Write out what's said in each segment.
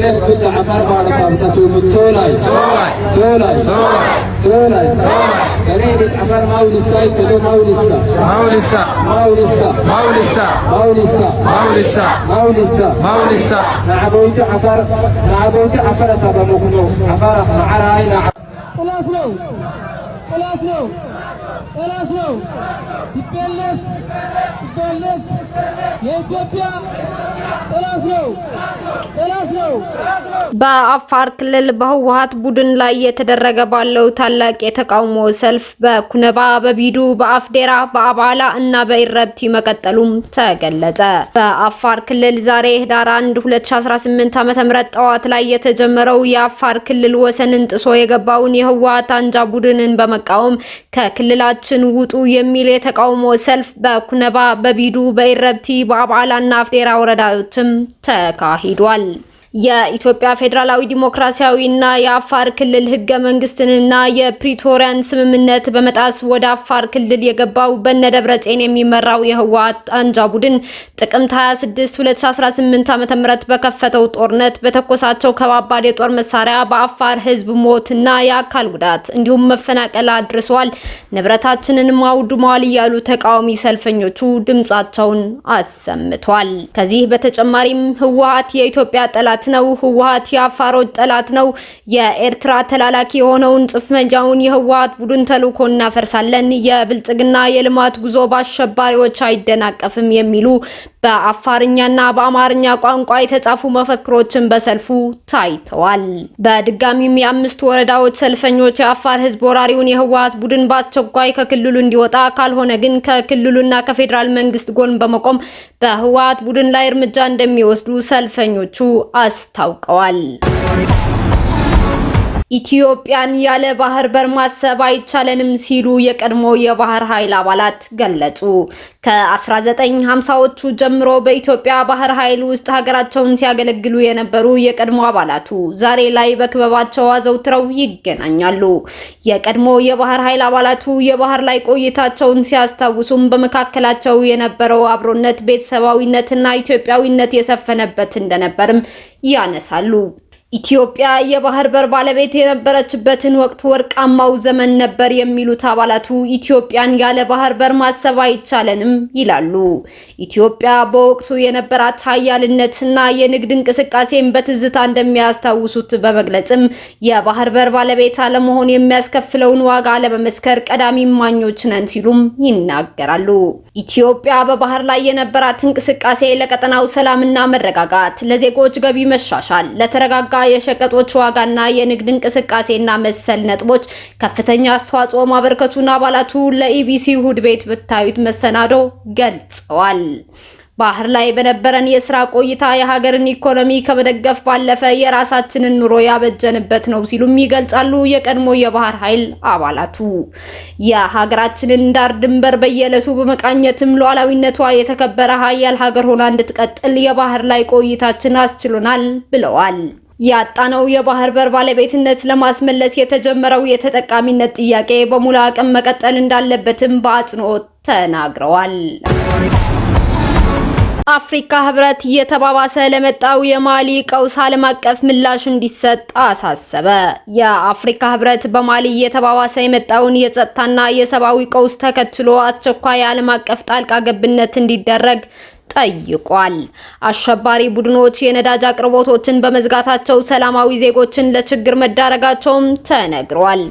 كنت عبر بعد طابتا سومت سولاي سولاي سولاي كريدة عبر مولسا كدو مولسا مولسا مولسا مولسا مولسا مولسا مولسا مولسا نعبويت عفر نعبويت عفر تبا مغنو عفر عراينا ولا سلو ولا سلو ولا سلو تبلس تبلس يا إثيوبيا በአፋር ክልል በህወሀት ቡድን ላይ የተደረገ ባለው ታላቅ የተቃውሞ ሰልፍ በኩነባ፣ በቢዱ፣ በአፍዴራ፣ በአባላ እና በኢረብቲ መቀጠሉም ተገለጸ። በአፋር ክልል ዛሬ ህዳር 1 2018 ዓ.ም ጠዋት ላይ የተጀመረው የአፋር ክልል ወሰንን ጥሶ የገባውን የህወሀት አንጃ ቡድንን በመቃወም ከክልላችን ውጡ የሚል የተቃውሞ ሰልፍ በኩነባ፣ በቢዱ፣ በኢረብቲ፣ በአባላ እና አፍዴራ ወረዳዎች ውይይትም ተካሂዷል። የኢትዮጵያ ፌዴራላዊ ዲሞክራሲያዊና የአፋር ክልል ህገ መንግስትንና የፕሪቶሪያን ስምምነት በመጣስ ወደ አፋር ክልል የገባው በነደብረ በነደብረጼን የሚመራው የህወሓት አንጃ ቡድን ጥቅምት 26 2018 ዓ.ም በከፈተው ጦርነት በተኮሳቸው ከባባድ የጦር መሳሪያ በአፋር ህዝብ ሞትና የአካል ጉዳት እንዲሁም መፈናቀል አድርሰዋል፣ ንብረታችንንም አውድመዋል እያሉ ተቃዋሚ ሰልፈኞቹ ድምጻቸውን አሰምቷል። ከዚህ በተጨማሪም ህወሓት የኢትዮጵያ ጠላት ጠላት ነው። ህወሀት የአፋሮች ጠላት ነው። የኤርትራ ተላላኪ የሆነውን ጽንፈኛውን የህወሀት ቡድን ተልኮ እናፈርሳለን። የብልጽግና የልማት ጉዞ በአሸባሪዎች አይደናቀፍም የሚሉ በአፋርኛና በአማርኛ ቋንቋ የተጻፉ መፈክሮችን በሰልፉ ታይተዋል። በድጋሚም የአምስት ወረዳዎች ሰልፈኞች የአፋር ህዝብ ወራሪውን የህወሀት ቡድን በአስቸኳይ ከክልሉ እንዲወጣ ካልሆነ ግን ከክልሉና ከፌዴራል መንግስት ጎን በመቆም በህወሀት ቡድን ላይ እርምጃ እንደሚወስዱ ሰልፈኞቹ አስታውቀዋል። ኢትዮጵያን ያለ ባህር በር ማሰብ አይቻለንም ሲሉ የቀድሞ የባህር ኃይል አባላት ገለጹ። ከ1950ዎቹ ጀምሮ በኢትዮጵያ ባህር ኃይል ውስጥ ሀገራቸውን ሲያገለግሉ የነበሩ የቀድሞ አባላቱ ዛሬ ላይ በክበባቸው አዘውትረው ይገናኛሉ። የቀድሞ የባህር ኃይል አባላቱ የባህር ላይ ቆይታቸውን ሲያስታውሱም በመካከላቸው የነበረው አብሮነት፣ ቤተሰባዊነትና ኢትዮጵያዊነት የሰፈነበት እንደነበርም ያነሳሉ። ኢትዮጵያ የባህር በር ባለቤት የነበረችበትን ወቅት ወርቃማው ዘመን ነበር የሚሉት አባላቱ ኢትዮጵያን ያለ ባህር በር ማሰብ አይቻለንም ይላሉ። ኢትዮጵያ በወቅቱ የነበራት ኃያልነትና የንግድ እንቅስቃሴን በትዝታ እንደሚያስታውሱት በመግለጽም የባህር በር ባለቤት አለመሆን የሚያስከፍለውን ዋጋ ለመመስከር ቀዳሚ እማኞች ነን ሲሉም ይናገራሉ። ኢትዮጵያ በባህር ላይ የነበራት እንቅስቃሴ ለቀጠናው ሰላምና መረጋጋት፣ ለዜጎች ገቢ መሻሻል፣ ለተረጋጋ የሸቀጦች ዋጋና የንግድ እንቅስቃሴና መሰል ነጥቦች ከፍተኛ አስተዋጽኦ ማበርከቱን አባላቱ ለኢቢሲ እሁድ ቤት ብታዩት መሰናዶ ገልጸዋል። ባህር ላይ በነበረን የስራ ቆይታ የሀገርን ኢኮኖሚ ከመደገፍ ባለፈ የራሳችንን ኑሮ ያበጀንበት ነው ሲሉም ይገልጻሉ። የቀድሞ የባህር ኃይል አባላቱ የሀገራችንን ዳር ድንበር በየዕለቱ በመቃኘትም ሉዓላዊነቷ የተከበረ ሀያል ሀገር ሆና እንድትቀጥል የባህር ላይ ቆይታችን አስችሎናል ብለዋል። ያጣነው የባህር በር ባለቤትነት ለማስመለስ የተጀመረው የተጠቃሚነት ጥያቄ በሙሉ አቅም መቀጠል እንዳለበትም በአጽንኦት ተናግረዋል። አፍሪካ ህብረት እየተባባሰ ለመጣው የማሊ ቀውስ ዓለም አቀፍ ምላሽ እንዲሰጥ አሳሰበ። የአፍሪካ ህብረት በማሊ እየተባባሰ የመጣውን የጸጥታና የሰብአዊ ቀውስ ተከትሎ አስቸኳይ ዓለም አቀፍ ጣልቃ ገብነት እንዲደረግ ጠይቋል። አሸባሪ ቡድኖች የነዳጅ አቅርቦቶችን በመዝጋታቸው ሰላማዊ ዜጎችን ለችግር መዳረጋቸውም ተነግሯል።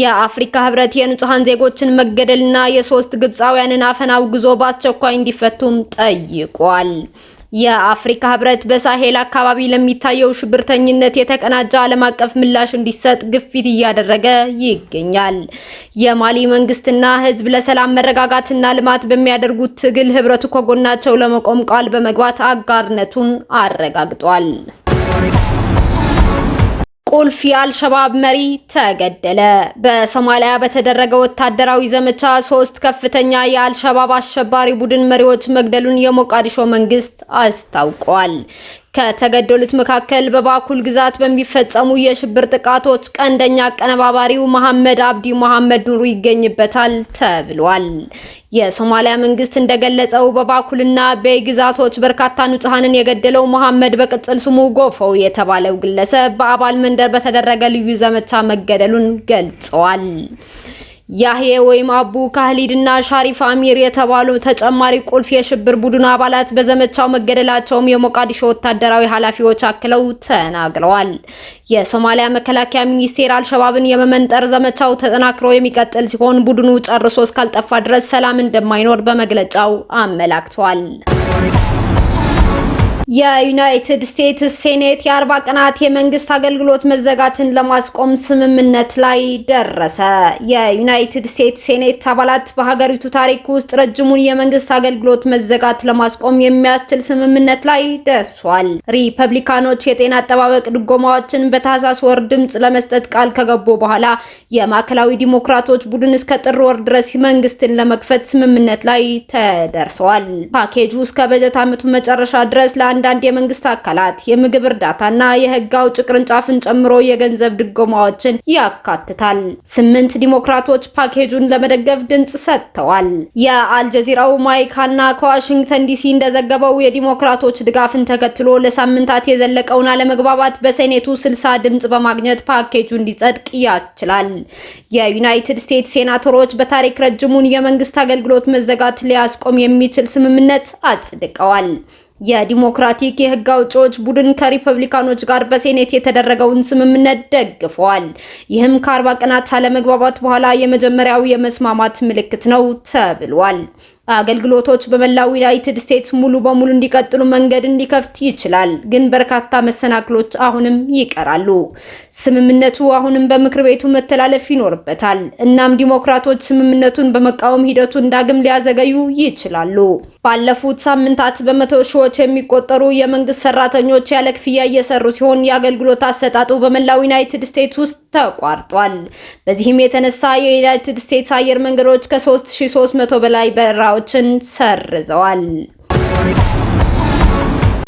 የአፍሪካ ህብረት የንጹሐን ዜጎችን መገደልና የሶስት ግብፃውያንን አፈና አውግዞ በአስቸኳይ እንዲፈቱም ጠይቋል። የአፍሪካ ህብረት በሳሄል አካባቢ ለሚታየው ሽብርተኝነት የተቀናጀ ዓለም አቀፍ ምላሽ እንዲሰጥ ግፊት እያደረገ ይገኛል። የማሊ መንግስትና ህዝብ ለሰላም መረጋጋትና ልማት በሚያደርጉት ትግል ህብረቱ ከጎናቸው ለመቆም ቃል በመግባት አጋርነቱን አረጋግጧል። ቁልፍ የአልሸባብ መሪ ተገደለ። በሶማሊያ በተደረገ ወታደራዊ ዘመቻ ሶስት ከፍተኛ የአልሸባብ አሸባሪ ቡድን መሪዎች መግደሉን የሞቃዲሾ መንግስት አስታውቋል። ከተገደሉት መካከል በባኩል ግዛት በሚፈጸሙ የሽብር ጥቃቶች ቀንደኛ አቀነባባሪው መሐመድ አብዲ መሐመድ ኑሩ ይገኝበታል ተብሏል። የሶማሊያ መንግስት እንደገለጸው በባኩልና ቤይ ግዛቶች በርካታ ንጹሐንን የገደለው መሐመድ በቅጽል ስሙ ጎፈው የተባለው ግለሰብ በአባል መንደር በተደረገ ልዩ ዘመቻ መገደሉን ገልጸዋል። ያህዬ ወይም አቡ ካህሊድ እና ሻሪፍ አሚር የተባሉ ተጨማሪ ቁልፍ የሽብር ቡድን አባላት በዘመቻው መገደላቸውም የሞቃዲሾ ወታደራዊ ኃላፊዎች አክለው ተናግረዋል። የሶማሊያ መከላከያ ሚኒስቴር አልሸባብን የመመንጠር ዘመቻው ተጠናክሮ የሚቀጥል ሲሆን ቡድኑ ጨርሶ እስካልጠፋ ድረስ ሰላም እንደማይኖር በመግለጫው አመላክቷል። የዩናይትድ ስቴትስ ሴኔት የአርባ ቀናት የመንግስት አገልግሎት መዘጋትን ለማስቆም ስምምነት ላይ ደረሰ። የዩናይትድ ስቴትስ ሴኔት አባላት በሀገሪቱ ታሪክ ውስጥ ረጅሙን የመንግስት አገልግሎት መዘጋት ለማስቆም የሚያስችል ስምምነት ላይ ደርሷል። ሪፐብሊካኖች የጤና አጠባበቅ ድጎማዎችን በታህሳስ ወር ድምፅ ለመስጠት ቃል ከገቡ በኋላ የማዕከላዊ ዲሞክራቶች ቡድን እስከ ጥር ወር ድረስ መንግስትን ለመክፈት ስምምነት ላይ ተደርሰዋል። ፓኬጁ እስከ በጀት ዓመቱ መጨረሻ ድረስ ለአንድ አንዳንድ የመንግስት አካላት የምግብ እርዳታና የህግ አውጭ ቅርንጫፍን ጨምሮ የገንዘብ ድጎማዎችን ያካትታል። ስምንት ዲሞክራቶች ፓኬጁን ለመደገፍ ድምጽ ሰጥተዋል። የአልጀዚራው ማይክ ሃና ከዋሽንግተን ዲሲ እንደዘገበው የዲሞክራቶች ድጋፍን ተከትሎ ለሳምንታት የዘለቀውን አለመግባባት በሴኔቱ ስልሳ ድምጽ በማግኘት ፓኬጁ እንዲጸድቅ ያስችላል። የዩናይትድ ስቴትስ ሴናተሮች በታሪክ ረጅሙን የመንግስት አገልግሎት መዘጋት ሊያስቆም የሚችል ስምምነት አጽድቀዋል። የዲሞክራቲክ የህግ አውጪዎች ቡድን ከሪፐብሊካኖች ጋር በሴኔት የተደረገውን ስምምነት ደግፈዋል። ይህም ከአርባ ቀናት አለመግባባት በኋላ የመጀመሪያው የመስማማት ምልክት ነው ተብሏል። አገልግሎቶች በመላው ዩናይትድ ስቴትስ ሙሉ በሙሉ እንዲቀጥሉ መንገድ እንዲከፍት ይችላል፣ ግን በርካታ መሰናክሎች አሁንም ይቀራሉ። ስምምነቱ አሁንም በምክር ቤቱ መተላለፍ ይኖርበታል። እናም ዲሞክራቶች ስምምነቱን በመቃወም ሂደቱን ዳግም ሊያዘገዩ ይችላሉ። ባለፉት ሳምንታት በመቶ ሺዎች የሚቆጠሩ የመንግስት ሰራተኞች ያለ ክፍያ እየሰሩ ሲሆን የአገልግሎት አሰጣጡ በመላው ዩናይትድ ስቴትስ ውስጥ ተቋርጧል። በዚህም የተነሳ የዩናይትድ ስቴትስ አየር መንገዶች ከ3300 በላይ በረራዎችን ሰርዘዋል።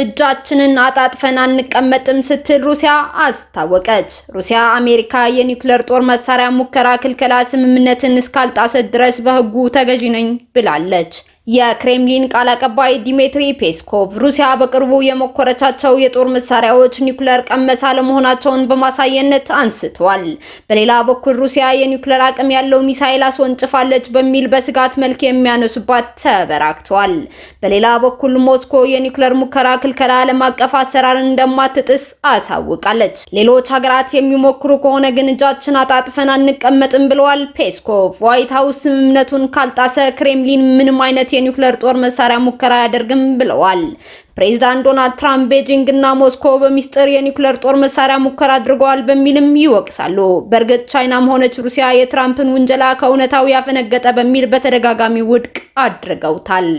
እጃችንን አጣጥፈን አንቀመጥም ስትል ሩሲያ አስታወቀች። ሩሲያ አሜሪካ የኒውክሌር ጦር መሳሪያ ሙከራ ክልከላ ስምምነትን እስካልጣሰት ድረስ በሕጉ ተገዥ ነኝ ብላለች። የክሬምሊን ቃል አቀባይ ዲሜትሪ ፔስኮቭ ሩሲያ በቅርቡ የሞከረቻቸው የጦር መሳሪያዎች ኒውክለር ቀመስ አለመሆናቸውን በማሳየነት አንስተዋል። በሌላ በኩል ሩሲያ የኒውክለር አቅም ያለው ሚሳኤል አስወንጭፋለች በሚል በስጋት መልክ የሚያነሱባት ተበራክተዋል። በሌላ በኩል ሞስኮ የኒውክለር ሙከራ ክልከላ ዓለም አቀፍ አሰራርን እንደማትጥስ አሳውቃለች። ሌሎች ሀገራት የሚሞክሩ ከሆነ ግን እጃችን አጣጥፈን አንቀመጥም ብለዋል ፔስኮቭ። ዋይት ሀውስ ስምምነቱን ካልጣሰ ክሬምሊን ምንም አይነት የኒውክሌር ጦር መሳሪያ ሙከራ አያደርግም ብለዋል። ፕሬዚዳንት ዶናልድ ትራምፕ ቤጂንግ እና ሞስኮ በሚስጥር የኒውክሌር ጦር መሳሪያ ሙከራ አድርገዋል በሚልም ይወቅሳሉ። በእርግጥ ቻይናም ሆነች ሩሲያ የትራምፕን ውንጀላ ከእውነታው ያፈነገጠ በሚል በተደጋጋሚ ውድቅ አድርገውታል።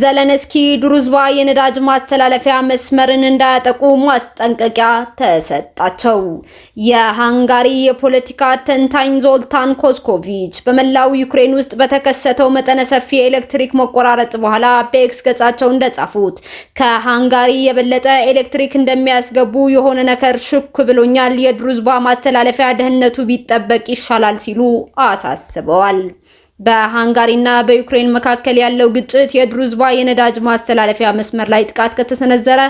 ዘለንስኪ ድሩዝባ የነዳጅ ማስተላለፊያ መስመርን እንዳያጠቁ ማስጠንቀቂያ ተሰጣቸው። የሃንጋሪ የፖለቲካ ተንታኝ ዞልታን ኮስኮቪች በመላው ዩክሬን ውስጥ በተከሰተው መጠነ ሰፊ የኤሌክትሪክ መቆራረጥ በኋላ በኤክስ ገጻቸው እንደጻፉት ከሃንጋሪ የበለጠ ኤሌክትሪክ እንደሚያስገቡ የሆነ ነገር ሽኩ ብሎኛል። የድሩዝባ ማስተላለፊያ ደህንነቱ ቢጠበቅ ይሻላል ሲሉ አሳስበዋል። በሃንጋሪና በዩክሬን መካከል ያለው ግጭት የድሩዝባ የነዳጅ ማስተላለፊያ መስመር ላይ ጥቃት ከተሰነዘረ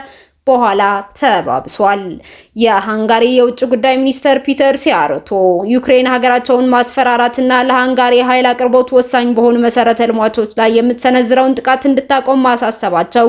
በኋላ ተባብሷል። የሃንጋሪ የውጭ ጉዳይ ሚኒስተር ፒተር ሲያሮቶ ዩክሬን ሀገራቸውን ማስፈራራትና ለሃንጋሪ ኃይል አቅርቦት ወሳኝ በሆኑ መሰረተ ልማቶች ላይ የምትሰነዝረውን ጥቃት እንድታቆም ማሳሰባቸው